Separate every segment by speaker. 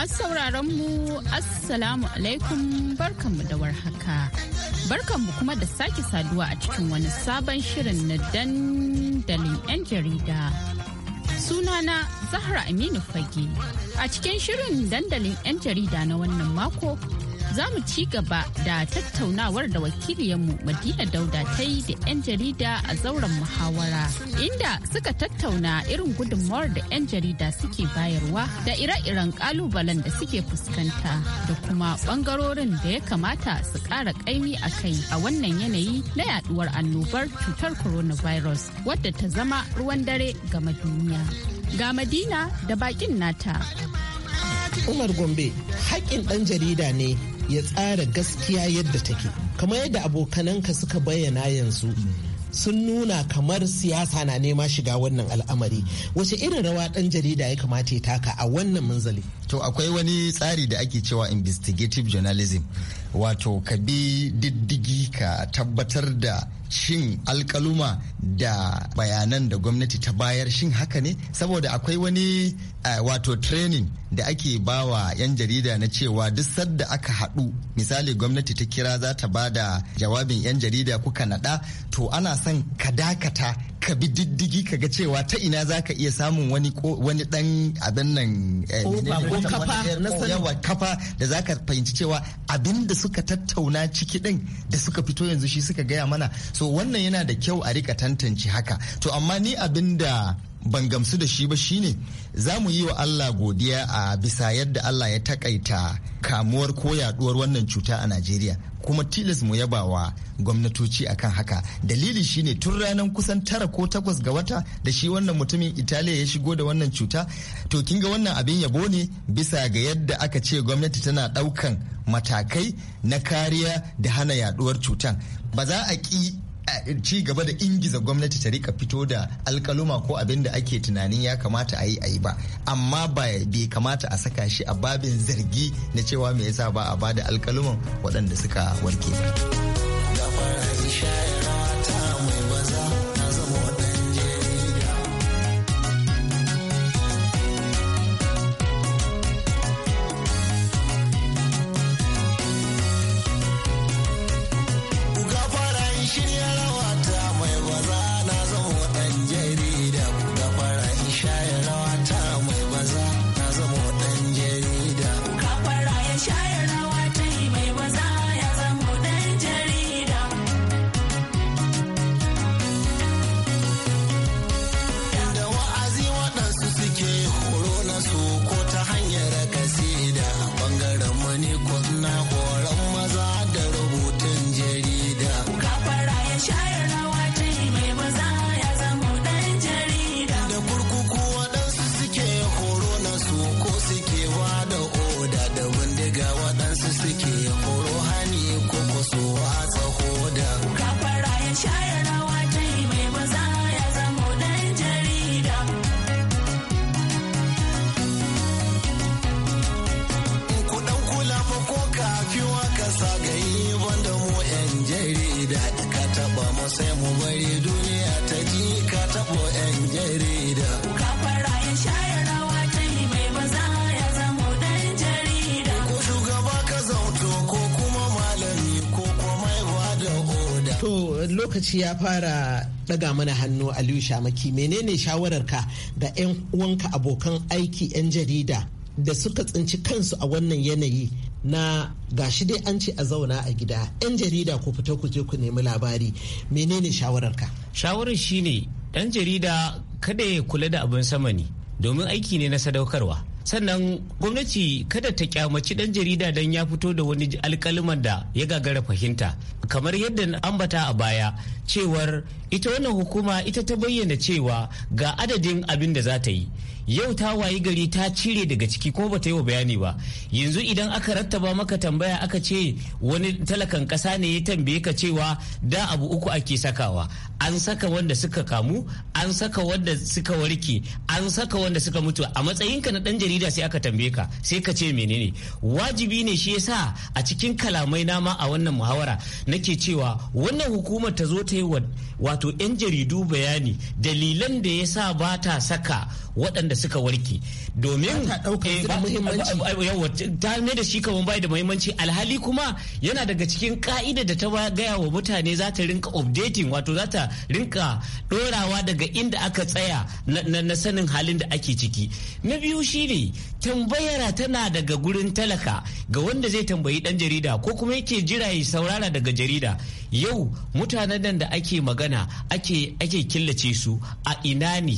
Speaker 1: Masu sauraron mu Assalamu alaikum barkanmu da warhaka. Barkanmu kuma da sake saduwa a cikin wani sabon shirin na dandalin 'yan jarida. Sunana Zahra Aminu Fage. A cikin shirin dandalin 'yan jarida na wannan mako za mu ci gaba da tattaunawar da wakiliyarmu Madina Dauda ta yi da 'yan jarida a zauren muhawara inda suka tattauna irin gudunmawar da 'yan jarida suke bayarwa da ire-iren kalubalen da suke fuskanta da kuma bangarorin da ya kamata su ƙara kaimi a kai a wannan yanayi na yaduwar annobar cutar coronavirus wadda ta zama ruwan dare ga duniya. Ga Madina da bakin nata. Umar Gombe
Speaker 2: haƙƙin ɗan jarida ne ya tsara gaskiya yadda take kamar yadda abokananka suka bayyana yanzu sun nuna kamar siyasa na nema shiga wannan al'amari wace irin rawa dan jarida ya kamata ya taka a wannan munzali
Speaker 3: to akwai wani tsari da ake cewa investigative journalism wato ka bi diddigi ka tabbatar da shin alkaluma da bayanan da gwamnati ta bayar shin haka ne saboda akwai wani eh, wato training da ake bawa 'yan jarida na cewa duk sadda aka haɗu misali gwamnati ta kira za ta ba da jawabin 'yan jarida kuka naɗa to ana son ka dakata ka bi diddigi ka ga cewa ta ina za ka iya samun wani ɗan abin nan eh, kafa da za ka fahimci cewa abin da suka tattauna ciki din da suka fito yanzu shi suka gaya mana to wannan yana da kyau a rika tantance haka to amma ni abin da ban gamsu da shi ba shine za mu yi wa Allah godiya a bisa yadda Allah ya takaita kamuwar ko yaduwar wannan cuta a Najeriya kuma tilas mu yaba wa gwamnatoci akan haka dalili shine tun ranar kusan tara ko takwas ga wata da shi wannan mutumin Italiya ya shigo da wannan cuta to kin ga wannan abin yabo ne bisa ga yadda aka ce gwamnati tana daukan matakai na kariya da hana yaduwar cutan ba za a ki ci gaba da ingiza gwamnati ta rika fito da alkaluma ko abin da ake tunanin ya kamata a yi a yi ba amma ba bai kamata a saka shi a babin zargi na cewa me yasa ba a bada alkaluman waɗanda suka warke
Speaker 4: ba.
Speaker 2: To lokaci ya fara daga mana hannu Aliyu Shamaki menene shawararka da 'yan uwanka abokan aiki 'yan jarida da suka tsinci kansu a wannan yanayi na gashi dai an ce a zauna a gida 'yan jarida ku fita ku je ku nemi
Speaker 5: labari menene shawararka? Shawarar shine yan jarida kada ya kula da abin sama ne domin aiki ne na sadaukarwa. sannan gwamnati kada ta kyamaci dan jarida don ya fito da wani alkaliman da ya gagara fahimta kamar yadda ambata a baya cewar ita wannan hukuma ita ta bayyana cewa ga adadin abin da za ta yi yau ta wayi gari ta cire daga ciki ko bata yi wa bayani ba yanzu idan aka rattaba maka tambaya aka ce wani talakan kasa ne ya tambaye ka cewa da abu uku ake sakawa an saka wanda suka kamu an saka wanda suka warke an saka wanda suka mutu a matsayinka na dan jarida sai aka tambaye ka sai ka ce menene wajibi ne shi yasa a cikin kalamai na ma a wannan muhawara nake cewa wannan hukumar ta zo ta yi wato yan jaridu bayani dalilan da yasa ba ta saka waɗanda suka warke domin ta eh, ne da shi kamar bai da muhimmanci alhali kuma yana daga cikin ka'ida da ta gaya wa mutane za ta rinka updating wato za ta rinka dorawa daga inda aka tsaya na sanin halin da ake ciki na biyu shi ne tambayara tana daga gurin talaka ga wanda zai tambayi dan jarida ko kuma yake jira ya saurara daga jarida yau mutanen da ake magana ake killace su a ina ne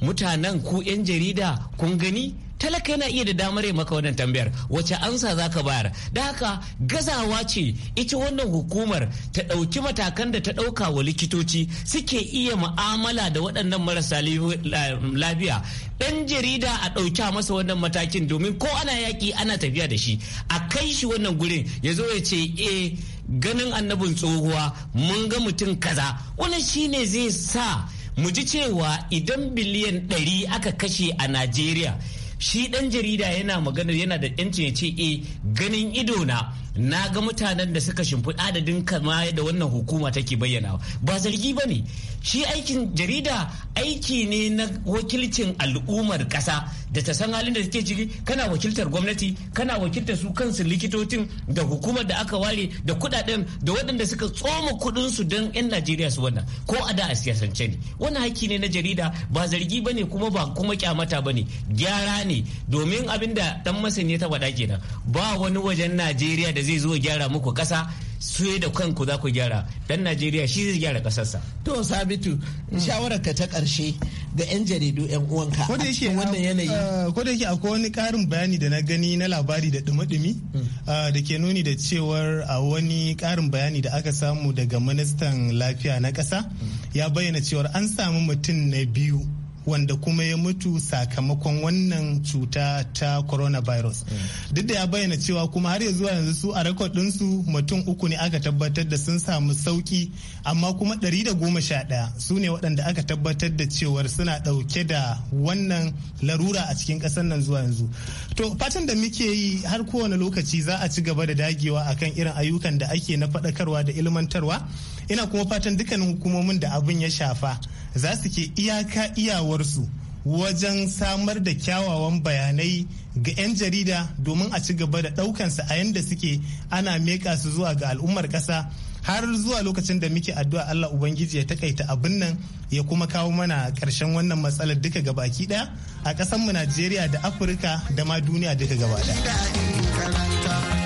Speaker 5: mutanen ku 'yan jarida kun gani talaka yana iya da damar ya maka wannan tambayar wacce ansa za ka bayar da haka gazawa ce ita wannan hukumar ta ɗauki matakan da ta ɗauka wa likitoci suke iya mu'amala da waɗannan marasa lafiya ɗan jarida a a masa wannan matakin domin ko ana yaƙi ana tafiya da shi a kai shi wannan gurin ya zo ya ce e ganin annabin tsohuwa mun ga mutum kaza wannan shine zai sa mu ji cewa idan biliyan ɗari aka kashe a najeriya shi ɗan jarida yana magana yana da 'yancin ya ce e ganin ido na na ga mutanen da suka shimfi adadin kama da wannan hukuma take bayyana ba zargi ba ne shi aikin jarida aiki ne na wakilcin al'ummar ƙasa da ta san halin da take ciki kana wakiltar gwamnati kana wakiltar su kansu likitocin da hukumar da aka ware da kudaden da waɗanda suka tsoma kuɗinsu don 'yan najeriya su wannan ko a da a siyasance ne wannan haƙƙi ne na jarida ba zargi ba ne kuma ba kuma kyamata ba ne gyara ne domin abin da ɗan masani ya taɓa kenan ba wani wajen najeriya da zai zo gyara muku kasa su da kanku za ku gyara dan
Speaker 6: najeriya shi zai gyara kasarsa
Speaker 2: to sabitu shawarar ka ta karshe ga yan jaridu yan uwanka ko da wannan yanayi eh,
Speaker 6: ko da yake akwai wani karin bayani da na gani na labari da dumi-dumi hmm. eh, da ke nuni da cewar a wani karin bayani da aka samu daga ministan lafiya na kasa hmm. ya bayyana cewar an samu mutum na biyu wanda kuma ya mutu sakamakon wannan cuta ta coronavirus mm. duk da ya bayyana cewa kuma har ya zuwa yanzu su a rekod ɗinsu mutum uku ne aka tabbatar da sun samu sauki amma kuma ɗari da goma sha ɗaya su ne waɗanda aka tabbatar da cewar suna ɗauke da wannan larura a cikin ƙasar nan zuwa yanzu to fatan da muke yi har kowane lokaci za a ci gaba da dagewa akan irin ayyukan da ake na faɗakarwa da ilmantarwa ina kuma fatan dukkanin hukumomin da abin ya shafa za su ke iyaka iyawarsu wajen samar da kyawawan bayanai ga 'yan jarida domin a ci gaba da ɗaukansa a yadda suke ana meka su zuwa ga al'ummar ƙasa har zuwa lokacin da muke addu'a Allah Ubangiji ya takaita abin nan ya kuma kawo mana karshen wannan matsalar duka baki ɗaya a mu Najeriya da Afirka da ma duniya duka gaba ɗaya.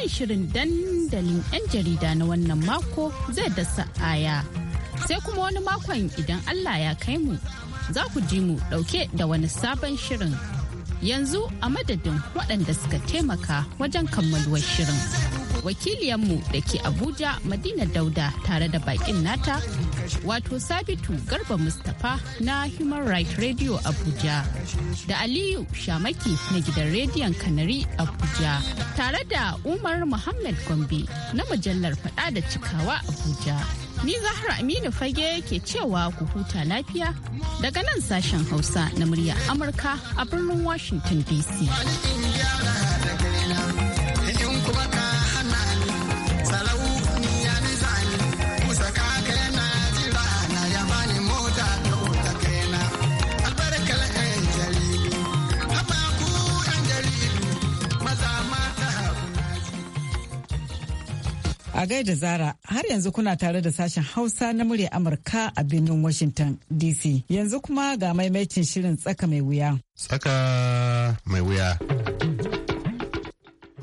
Speaker 1: nan shirin dandalin 'yan jarida na wannan mako zai dasa aya Sai kuma wani makon idan Allah ya kai mu, za ku ji mu dauke da wani sabon shirin. Yanzu a madadin waɗanda suka taimaka wajen kammaluwar shirin. Wakiliyanmu da ke Abuja Madina Dauda tare da baƙin nata wato sabitu garba mustapha na human rights radio abuja da aliyu shamaki na gidan rediyon kanari
Speaker 7: abuja
Speaker 1: tare da umar muhammad gombe na mujallar fada da cikawa abuja ni zahra aminu fage ke cewa ku huta lafiya daga nan sashen hausa na murya amurka a birnin washington dc
Speaker 7: A gaida Zara har yanzu kuna tare da sashen Hausa na murya Amurka a birnin Washington DC. Yanzu kuma ga maimaitin shirin tsaka mai wuya.
Speaker 8: Tsaka mai wuya.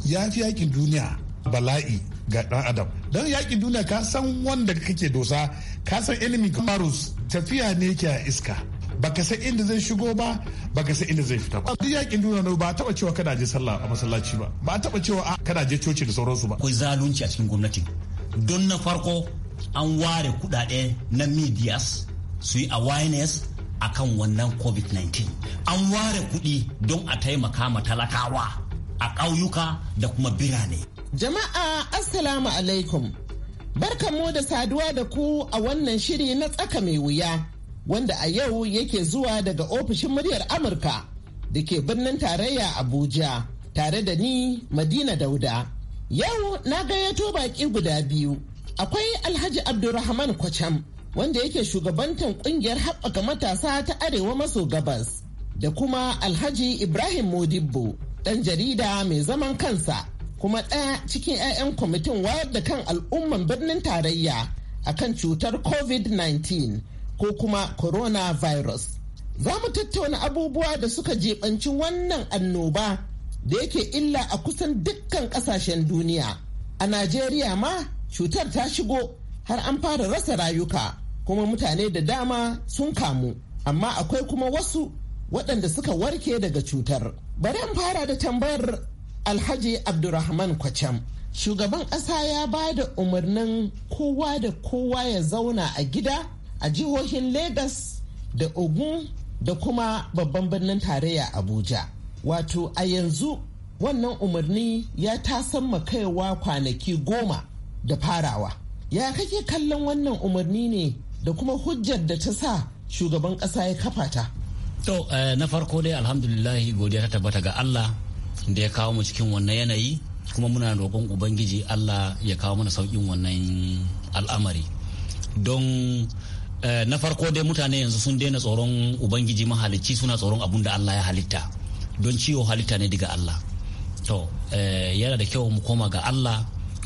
Speaker 8: Ya fi yakin duniya bala'i ga ɗan adam. Don yakin duniya ka san wanda kake dosa, ka san ilimin kamarus tafiya ne ke iska. baka san inda zai shigo ba baka san inda zai fita ba duk yakin ne ba taba cewa kana
Speaker 9: je sallah a masallaci ba ba taba cewa kana je coci da sauransu ba akwai zalunci a cikin gwamnati don na farko an ware kudade na medias su yi awareness akan wannan covid-19 an ware kudi don a taimaka ma talakawa a ƙauyuka da kuma birane
Speaker 2: jama'a assalamu alaikum barkamu da saduwa da ku a wannan shiri na tsaka mai wuya wanda a yau yake zuwa daga ofishin muryar Amurka da ke birnin tarayya Abuja tare da ni Madina Dauda. Yau na gayyato baki guda biyu. Akwai Alhaji Abdulrahman Kwacham wanda yake shugabantan kungiyar haɓaka matasa ta Arewa maso gabas da kuma Alhaji Ibrahim Modibbo ɗan jarida mai zaman kansa kuma ɗaya cikin 'ya'yan kwamitin wayar da kan al'umman birnin tarayya akan cutar COVID-19. ko kuma coronavirus. Za mu tattauna abubuwa da suka jebanci wannan annoba da yake illa a kusan dukkan kasashen duniya. A Najeriya ma cutar ta shigo har an fara rasa rayuka kuma mutane da dama sun kamu. Amma akwai kuma wasu waɗanda suka warke daga cutar. Bari an fara da tambayar Alhaji Abdurrahman Kwacham. Shugaban ƙasa ya ba da umarnin kowa da kowa ya zauna a gida a jihohin Legas da Ogun da kuma babban birnin tarayya Abuja. Wato a yanzu wannan umarni ya tasan kaiwa kwanaki goma da farawa. Ya kake kallon wannan umarni ne da kuma hujjar da ta sa shugaban ƙasa ya kafa ta?
Speaker 9: To, eh, na farko dai alhamdulillahi godiya ta tabbata ga Allah da ya kawo mu cikin wannan yanayi kuma muna roƙon Ubangiji Allah ya kawo mana sauƙin wannan al'amari. Don Eh, na farko dai mutane yanzu sun daina tsoron ubangiji mahalicci suna tsoron abun da Allah ya halitta don ciwo halitta ne daga Allah to eh, yana da kyau mu koma ga Allah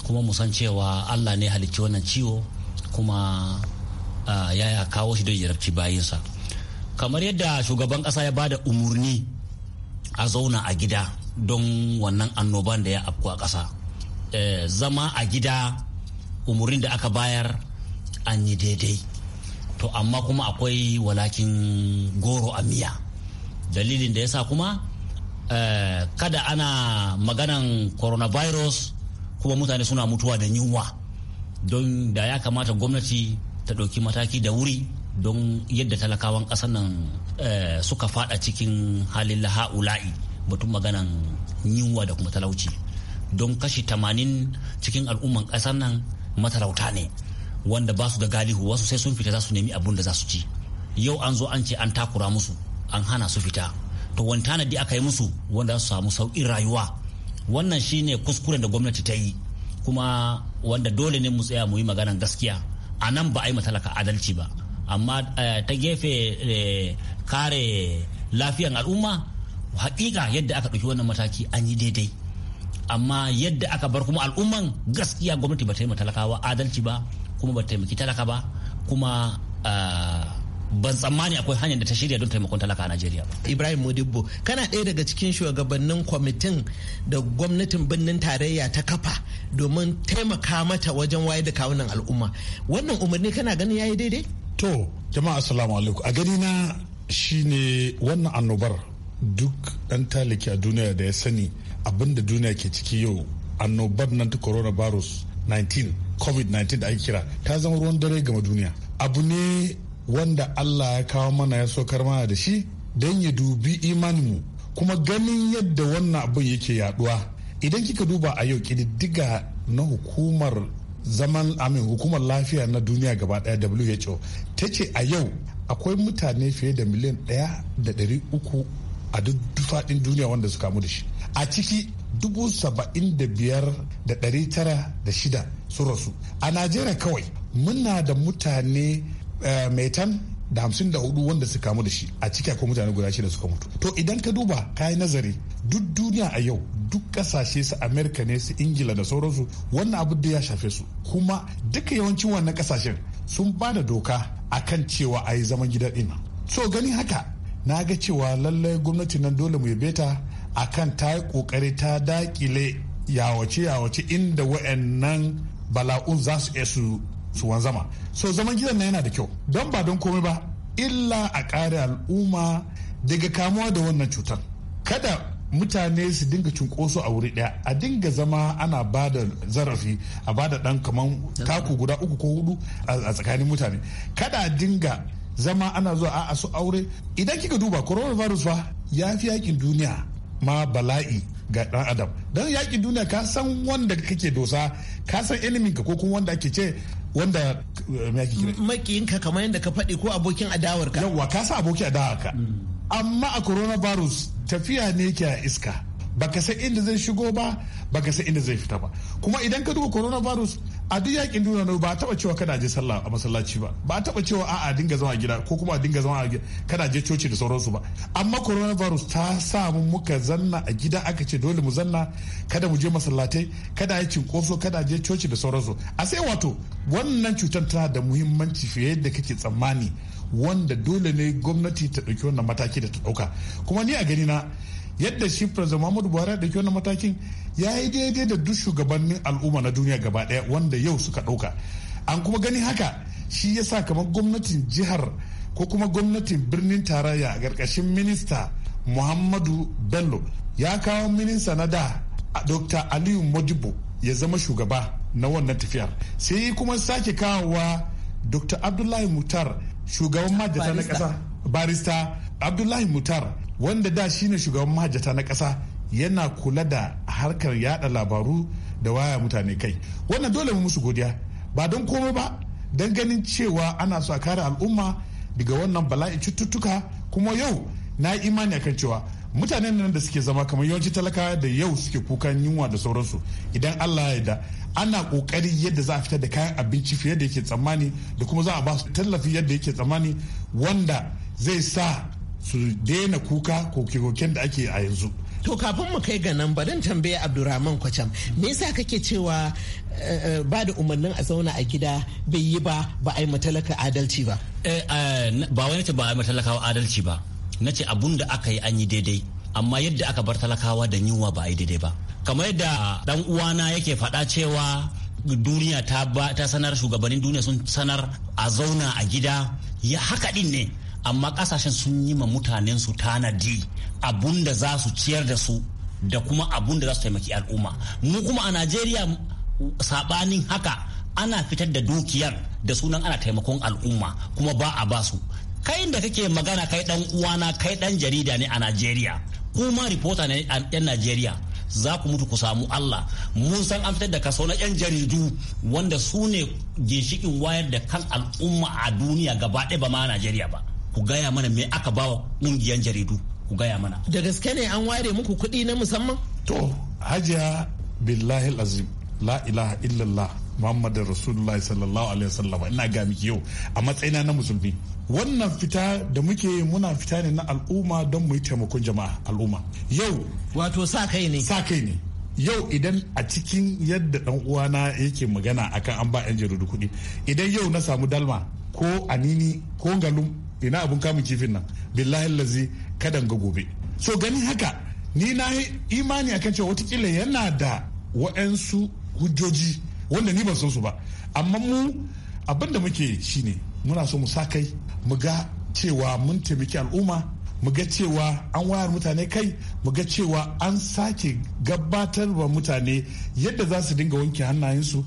Speaker 9: kuma mu san cewa Allah ne halicci wannan ciwo kuma ah, ya kawo shi don yarabci bayinsa kamar yadda shugaban kasa ya bada umurni a zauna a gida don wannan annoban da ya afku a kasa eh, zama a gida umurnin da aka bayar an yi daidai to amma kuma akwai walakin goro a miya dalilin da ya sa kuma uh, kada ana maganan coronavirus kuma mutane suna mutuwa da yunwa don da ya kamata gwamnati ta ɗauki mataki da wuri don yadda talakawan ƙasar nan uh, suka fada cikin halin laha'ula'i batun maganan yunwa da kuma talauci don kashi 80 cikin al'umman ƙasar nan matalauta ne wanda ba su da galihu wasu sai sun fita za su nemi abun da za su ci yau an zo an ce an takura musu an hana su fita to wani tanadi aka yi musu wanda su samu sauƙin rayuwa wannan shine kuskuren da gwamnati ta yi kuma wanda dole ne mu tsaya mu yi maganan gaskiya a nan ba a yi matalaka adalci ba amma eh, ta gefe eh, kare lafiyan al'umma hakika yadda aka ɗauki wannan mataki an yi daidai amma yadda aka bar kuma al'umman gaskiya gwamnati ba ta yi talakawa adalci ba kuma ba taimaki talaka ba kuma ah, ban tsammani akwai hanyar da ta shirya don taimakon talaka a Najeriya ba.
Speaker 2: Ibrahim Modibbo kana ɗaya daga cikin shugabannin kwamitin da gwamnatin birnin tarayya ta kafa domin taimaka mata wajen wayar
Speaker 8: da kawunan al'umma. Wannan umarni kana ganin yayi daidai? To, jama'a assalamu alaikum. A gani na shine wannan annobar duk ɗan taliki a duniya da ya sani abinda duniya ke ciki yau annobar nan ta coronavirus 19 covid-19 da ake kira ta zama ruwan dare gama duniya abu ne wanda allah ya kawo mana ya sokar mana da shi don ya dubi imaninmu kuma ganin yadda wannan abin yake yaduwa idan kika duba a yau kididdiga na hukumar zaman amin hukumar lafiya na duniya gaba daya who ta ce a yau akwai mutane fiye da miliyan ɗaya da ɗari uku a duk faɗin duniya wanda su kamu da shi a ciki dubu saba'in da ɗari tara da shida sun rasu a najeriya kawai muna da mutane eh, tan da hamsin da hudu wanda su kamu da shi a ciki akwai mutane guda shida suka mutu to idan ka duba ka yi nazari duk duniya a yau duk kasashe su amerika ne su ingila da sauransu wannan abu da ya shafe su kuma duka yawancin wannan kasashen sun ba da doka kan cewa a yi zaman gidan ina. so gani haka na ga cewa lallai gwamnati nan dole mu yabe ta akan ta yi kokari ta dakile yawace yawace inda wa'annan bala'un za su iya su wanzama so zaman gidan na yana da kyau don ba don komai ba illa a kare al'umma daga kamuwa da wannan cutar kada mutane su dinga cunkoso a wuri daya a dinga zama ana ba da zarafi a ba da dan kaman taku guda uku ko hudu a tsakanin mutane kada a dinga zama ana zuwa a su aure idan kika duba coronavirus fa ya fi yakin duniya ma bala'i ga dan adam don yaƙin duniya ka san wanda kake dosa ka san ilimin ka ko kuma wanda ake ce wanda eh, makiyin ka kamar yadda ka faɗi ko abokin adawar ka yawwa ka san abokin adawar ka mm. amma a coronavirus tafiya ne ke a iska baka san inda zai shigo ba baka san inda zai fita ba kuma idan ka duba coronavirus a duk yakin duniya ba a taba cewa kana je sallah a masallaci ba ba a taba cewa a'a dinga zama a gida ko kuma a dinga zama a gida kana je coci da sauransu ba amma coronavirus ta samu muka zanna a gida aka ce dole mu zanna kada mu je masallatai kada ya cinkoso kada je coci da sauransu a sai wato wannan cutar tana da muhimmanci fiye da kake tsammani wanda dole ne gwamnati ta ɗauki wannan mataki da ta ɗauka kuma ni a gani na yadda shi president muhammadu buhari da wannan matakin ya yi daidai da duk shugabannin al'umma na duniya gaba daya wanda yau suka dauka an kuma gani haka shi ya sa kamar gwamnatin jihar ko kuma gwamnatin birnin tarayya a ƙarƙashin minista muhammadu bello ya kawo minista na da dr aliyu modibo ya zama shugaba na wannan tafiyar sai kuma sake kawowa dr abdullahi mutar shugaban majata na ƙasa barista abdullahi mutar wanda da shi ne shugaban mahajjata na kasa yana kula da harkar yada labaru da waya mutane kai wannan dole mu musu godiya ba don komai ba don ganin cewa ana so a kare al'umma daga wannan bala'i cututtuka kuma yau na yi imani akan cewa mutanen nan da suke zama kamar yawanci talaka da yau suke kukan yunwa da sauransu idan allah ya yarda ana kokari yadda za a fitar da kayan abinci fiye da yake tsammani da kuma za a ba su tallafi yadda yake tsammani wanda zai sa su daina kuka koke-koken da ake a yanzu to kafin mu kai ga
Speaker 2: nan barin tambaye abdurrahman kwacham me yasa kake cewa eh, eh, ba da umarnin a zauna a gida bai yi ba ba a yi matalaka adalci ba
Speaker 9: eh, ba wani ce ba a yi matalaka adalci ba na ce abun da aka yi an yi daidai amma yadda aka bar talakawa da yunwa ba a yi daidai ba kamar yadda dan uwana yake faɗa cewa duniya ta sanar shugabannin duniya sun sanar a zauna a gida ya haka din ne amma kasashen sun yi ma mutanen su tanadi abun da za su ciyar da su da kuma abun da za su taimaki al'umma mu kuma a najeriya sabanin haka ana fitar da dukiyar da sunan ana taimakon al'umma kuma ba a basu kai da kake magana kai dan uwana kai dan jarida ne a najeriya kuma reporter ne a yan najeriya za ku mutu ku samu allah mun san an fitar da kaso na yan jaridu wanda su ne ginshikin wayar da kan al'umma a duniya gaba ɗaya ba ma najeriya ba ku gaya mana me aka bawa kungiyar jaridu ku gaya mana
Speaker 2: da gaske ne an ware muku kuɗi na musamman to
Speaker 8: hajiya billahi azim la ilaha illallah muhammad rasulullah sallallahu alaihi wasallam ina ga miki yau a matsayina na musulmi wannan fita da muke muna fita ne na al'umma don mu yi taimakon jama'a al'umma yau wato sa kai ne sa kai ne yau idan a cikin yadda dan uwana yake magana akan an ba yan jaridu kuɗi idan yau na samu dalma ko anini ko galum ina abun kamun kifin nan billahi lazi kadan ga gobe so ganin haka ni na yi imani akan cewa watakila yana da wa'ansu hujjoji wanda ni ban san su ba amma mu abin da muke shine muna so mu sa kai mu ga cewa mun taimaki al'umma mu ga cewa an wayar mutane kai mu ga cewa an sake gabatar wa mutane yadda za su dinga wanke hannayensu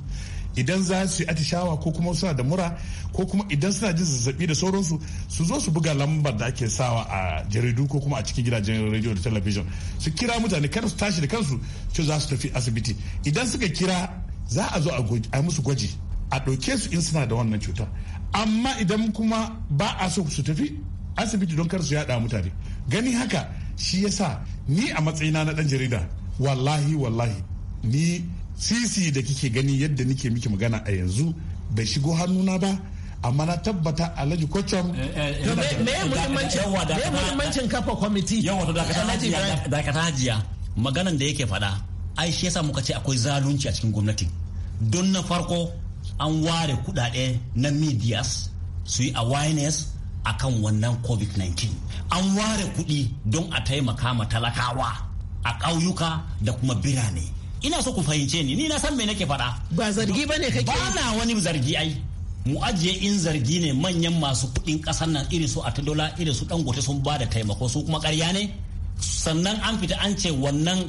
Speaker 8: idan za su yi atishawa ko kuma suna da mura ko kuma idan suna jin zazzabi da sauransu su zo su buga lambar da ake sawa a jaridu ko kuma a cikin gidajen rediyo da talabijin su kira mutane kar su tashi da kansu ce za su tafi asibiti idan suka kira za a zo a musu gwaji a ɗauke su in suna da wannan cutar amma idan kuma ba a so su tafi asibiti don kar su yada mutane gani haka shi yasa ni a matsayina na ɗan jarida wallahi wallahi ni sisi da kike gani yadda nike miki magana a yanzu bai shigo hannuna ba amma na tabbata alhaji kwacham eh, eh, eh, me muhimmancin
Speaker 9: kafa kwamiti yawa dakata hajiya maganan da yake faɗa ai shi yasa muka ce akwai zalunci a cikin gwamnati? don na farko an ware kudade na medias su yi awareness kan wannan covid-19 an ware kudi don a taimaka ma talakawa a ƙauyuka da kuma birane ina so ku fahimce ni ni na san me nake faɗa ba zargi ne kake ba na wani zargi ai mu ajiye in zargi ne manyan masu kuɗin ƙasar nan irin su dola irin su dangote sun ba da taimako su kuma ƙarya ne sannan an fita an ce wannan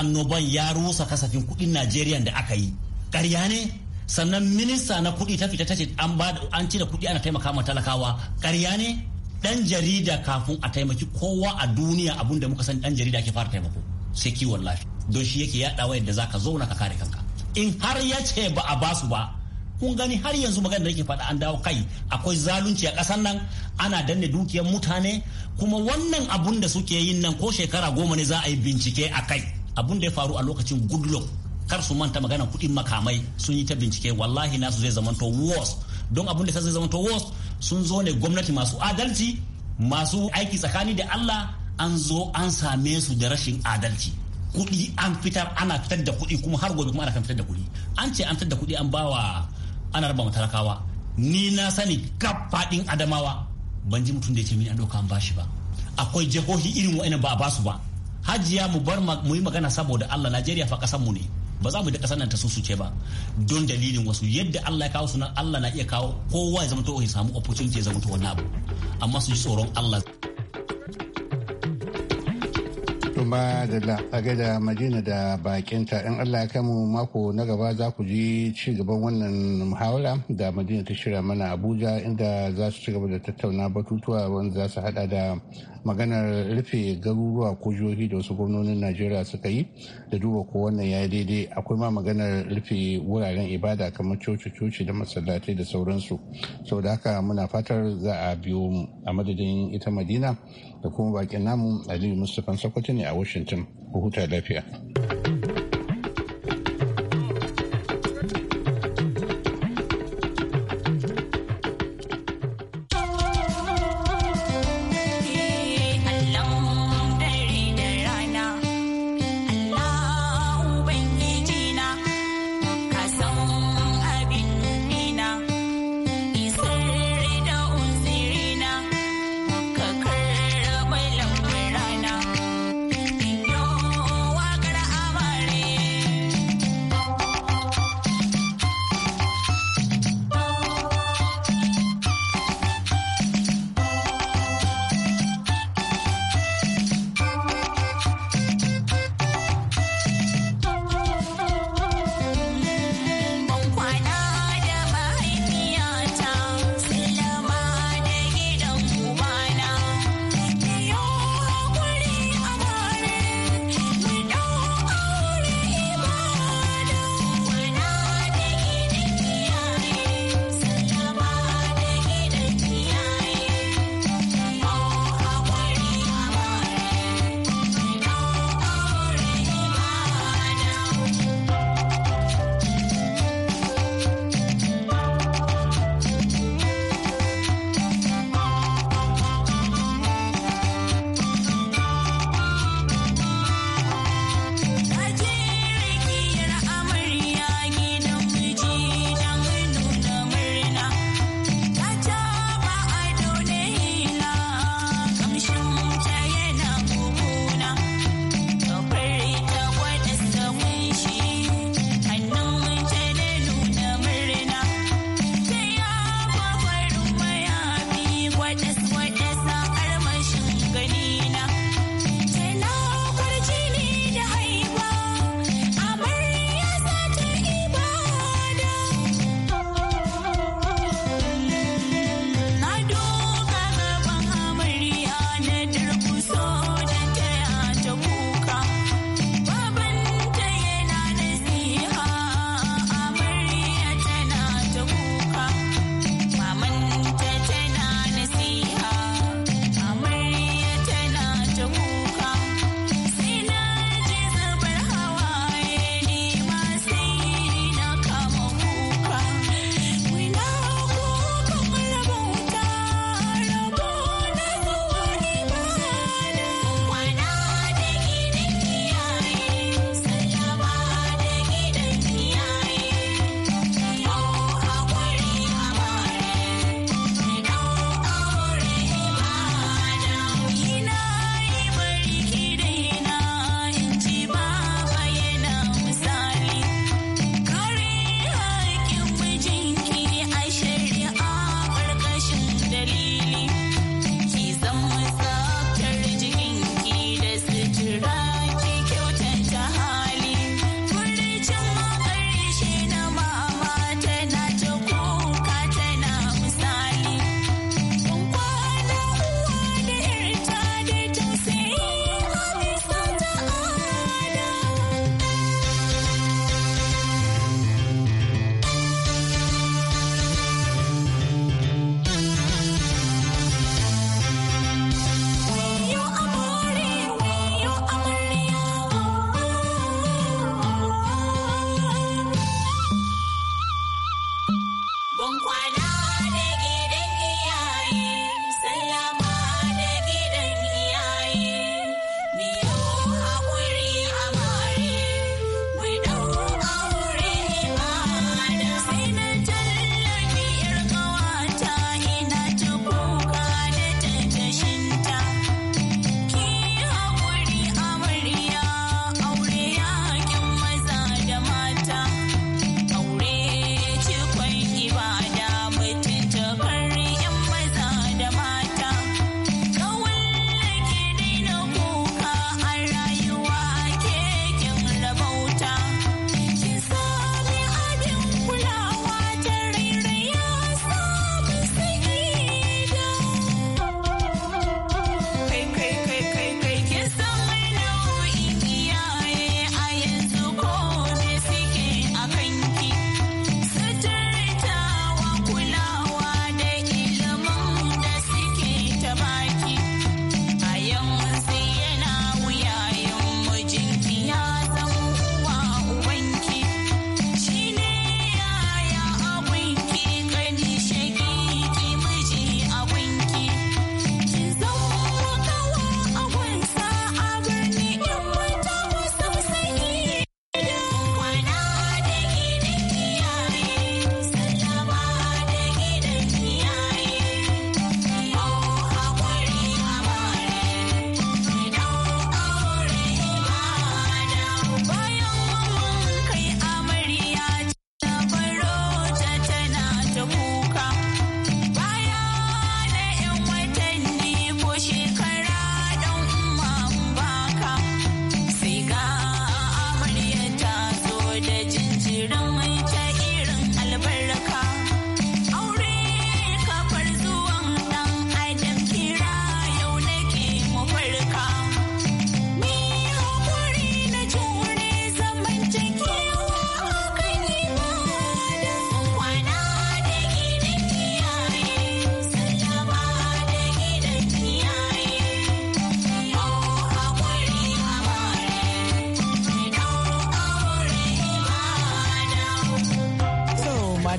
Speaker 9: annoban ya rusa kasafin kuɗin najeriya da aka yi ƙarya ne sannan minista na kuɗi ta fita ta ce an cire kuɗi ana taimaka ma talakawa ƙarya ne dan jarida kafin a taimaki kowa a duniya abun da muka san dan jarida ke fara taimako sai kiwon lafiya don shi yake yaɗa wa yadda za ka zauna ka kare kanka in har ya ce ba a basu ba kun gani har yanzu magana da yake faɗa an dawo kai akwai zalunci a ƙasar nan ana danne dukiyar mutane kuma wannan abun da suke yin nan ko shekara goma ne za a yi bincike a kai abun da ya faru a lokacin goodluck kar su manta magana kuɗin makamai sun yi ta bincike wallahi nasu zai zamanto wos. don abun da zai zamanto worst sun zo ne gwamnati masu adalci masu aiki tsakani da Allah an zo an same su da rashin adalci kuɗi an fitar ana fitar da kuɗi kuma har gobe kuma ana kan fitar da kuɗi an ce an fitar da kuɗi an bawa ana raba talakawa ni na sani gab faɗin adamawa ban ji mutum da ya ce mini an ɗauka an bashi ba akwai jihohi irin wa'ina ba a basu ba hajiya mu bar mu yi magana saboda Allah Najeriya fa kasan mu ne ba za mu da kasan nan ta susuce ba don dalilin wasu yadda Allah ya kawo su Allah na iya kawo kowa ya zama to ya samu opportunity ya zama to wannan abu amma su ji tsoron Allah
Speaker 8: ma da la'aga da Madina da bakinta in Allah ya mu mako na gaba za ku ji ci gaban wannan muhawara da Madina ta shirya mana Abuja inda za su ci gaba da tattauna batutuwa wanda za su hada da maganar rufe garuruwa ko jihohi da wasu gwamnonin Najeriya suka yi da duba ko wannan ya daidai akwai ma maganar rufe wuraren ibada kamar coci-coci da masallatai da sauransu. Saboda haka muna fatar za a biyo a madadin ita Madina da kuma bakin namu aliyu mustapha sokoto ne a washington ku huta lafiya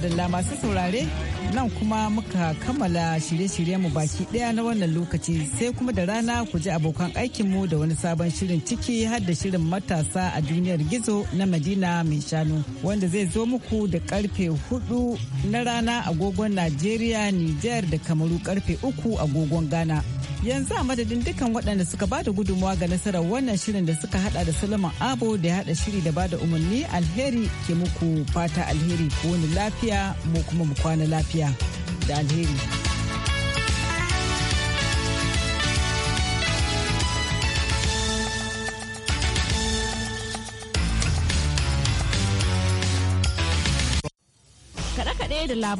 Speaker 7: madalla masu saurare nan kuma muka kammala shirye-shiryenmu baki daya na wannan lokaci sai kuma da rana ku ji abokan aikinmu da wani sabon shirin ciki har da shirin matasa a duniyar gizo na madina mai shanu wanda zai zo muku da karfe hudu na rana agogon najeriya niger da kamaru karfe uku agogon ghana yanzu a madadin dukkan waɗanda suka ba da gudunmawa ga nasarar wannan shirin da suka hada da Solomon Abo da ya hada shiri da ba da umarni alheri ke muku fata alheri ko wani lafiya mu kuma mu kwana lafiya da alheri.
Speaker 1: da labarai.